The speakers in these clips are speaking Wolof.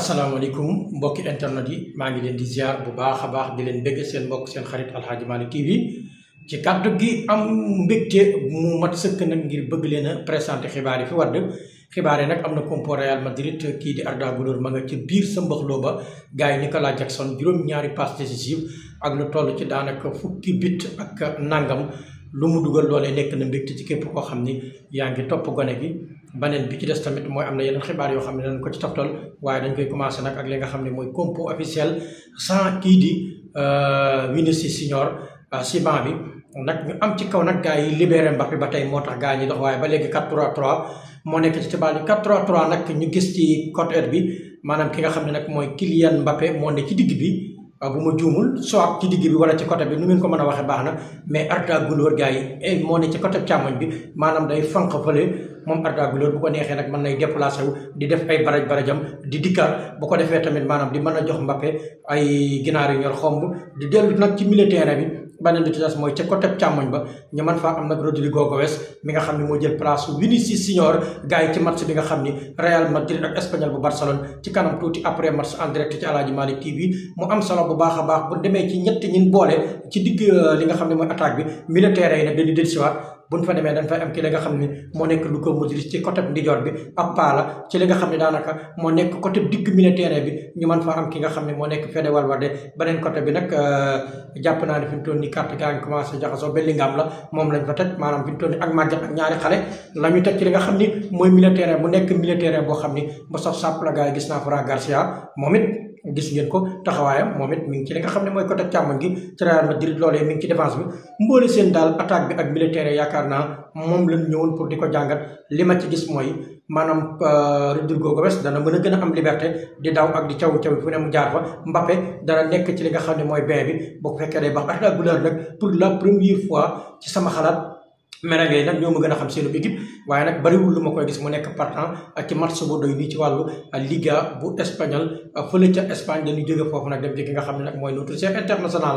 asalaamaaleykum mbokki internet yi maa ngi leen di ziar bu baax a baax di leen bëgg seen mbokk seen xarit Aladji kii TV ci kàddu gi am mbégte mu mat sëkk nag ngir bëgg leen a présenté xibaar yi fi wadd xibaar yi nag am na compo Real Madrid kii di Arda Güler ma nga ca biir sa mbaxloo ba gars yi Nicolas Jackson juróom-ñaari passe décisive ak lu toll ci daanaka fukki bit ak nangam lu mu dugal loole nekk na mbégte ci képp koo xam ni yaa ngi topp gone gi baneen bi ci des tamit mooy am na yeneen xibaar yoo xam ne dañ ko ci toftal waaye dañ koy commencé nag ak li nga xam ne mooy compo officiel sans kii di Vinicius euh, Junior euh, si banc bi nag ñu am ci kaw nag gars yi libéré Mbappé ba tey moo tax gaa ñi dox waaye ba léegi 4-3-3 moo nekk ci xibaar yi nag ñu gis ci côté bi maanaam ki nga xam ne nag mooy Kylian Mbappé moo ne ci digg bi euh, bu ma juumul soit ci digg bi wala ci côté bi nu ngeen ko mën a waxee baax na mais Arda Güler gars yi eh, moo ne ci côté càmmoñ bi maanaam day fanq fële moom Arda Güler bu ko neexee nag mën nay déplacé wu di def ay baraj barajam di dikkaat bu ko defee tamit maanaam di man a jox Mbappé ay ginaar yu ñor xomb di dellu nag ci milieu bi beneen bi ci des mooy ca côté càmmoñ ba ñu mën faa am nag Rodrigo Goes mi nga xam ne moo jël place Vinicius Junior gars yi ci match bi nga xam ni Real Madrid ak Espagnol bu Barcelone ci kanam tuuti après match en direct ci Aladji Malick TV mu am solo bu baax a baax bu demee ci ñett ñin boole ci digg euh, nga xam ne mooy attaque bi milieu terrain yi nag dañu dellusiwaat buñ fa demee dañ fay am ki li nga xam ne moo nekk lu ko mujlis ci côté ndijoor bi ab paala ci li nga xam ne daanaka moo nekk côté digg militaire bi ñu man fa am ki nga xam ne moo nekk Fede Valverde beneen côté bi nag euh, jàpp naa ne fi mu toll nii carte gaa ngi commencé jaxasoo la moom lañ fa teg maanaam fi mu toll nii ak màgget ak ñaari la ñu teg ci li nga xam ni mooy militaire bu nekk militaire boo xam ni bu saf sàpp la gaa yi gis naa Fran Garcia moom it gis ngeen ko taxawaayam moom it mi ngi ci li nga xam ne mooy côté càmmoñ gi ci Real Madrid loolee mi ngi ci défense bi mboole seen daal attaque bi ak militaire yaakaar naa moom lañ ñëwoon pour di ko jàngat li ma ci gis mooy maanaam euh, Rodrygo Gomes dana mën a gën a am liberté di daw ak di caw caw fu ne mu jaar fa Mbappé dana nekk ci li nga xam ne mooy bain bi boo ko fekkee day baax Arda Güler nag pour la première fois ci sama xalaat merengue yi nag ñoo ma gën a xam seenu équipe waaye nag bariwul lu ma koy gis mu nekk partant ci match bu doy bi ci wàllu liga bu espagnol fële ca Espagne dañu jóge foofu nag dem ci ki nga xam ne nag mooy notre chef international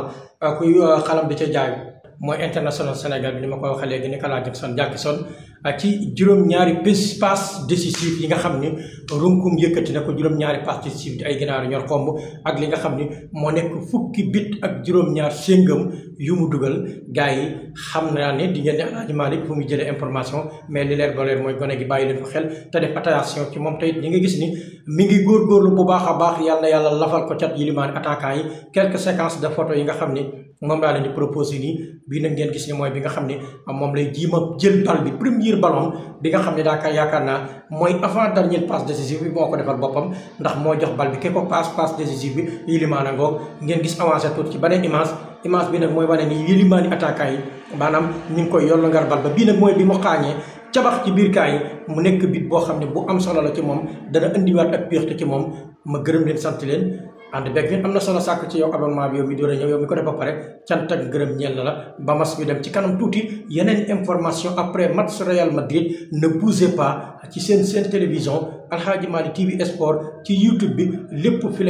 kuy xalam di ca jaayu mooy international Sénégal bi ni ma ko waxee léegi Nicolas Jackson Jackson ah, ci juróom-ñaari bés passe décisif yi nga xam ni runkum yëkkati na ko juróom-ñaari passe décisif ay ginaaru ñor xomb ak li nga xam ni moo nekk fukki bit ak juróom-ñaar séngam yu mu dugal gars yi xam naa ni di ngeen ne Alaaji Malick fu mu jëlee information mais li leer ba leer mooy gone gi bàyyi leen ko xel te def attention ci moom tey ñi nga gis ni mi ngi góorlu bu baax a baax yàlla yàlla lafal ko cat yilimaan attaquant yi quelques séquences de photos yi nga xam ni moom laa leen di proposé nii bii nag ngeen gis ne mooy bi nga xam ne moom lay jiima jël bal bi premier ballon bi nga xam ne daa ka yaakaar naa mooy avant dernière passe décisive bi moo ko defal boppam ndax moo jox bal bi ke ko passe passe décisive bi Ilimaan ngoog ngeen gis avancé tuuti ci beneen image image bi nag mooy wane ni Ilimaani attaquant yi maanaam ñu ngi koy yollu ngar bal ba bii nag mooy bi mu xaañee cabax ci biir kaay mu nekk bit boo xam ne bu am solo la ci moom dana indiwaat ak péexte ci moom ma gërëm leen sant leen ànd beeg ñun am na solo sàkk ci yow abonnement bi yow mi doora ñëw yow mi ko def ba pare cant gërëm ñeel na la ba mas bi dem ci kanam tuuti yeneen information après match Real Madrid ne bougez pas ci seen seen télévision Aladji TV Sport ci YouTube bi lépp fi lay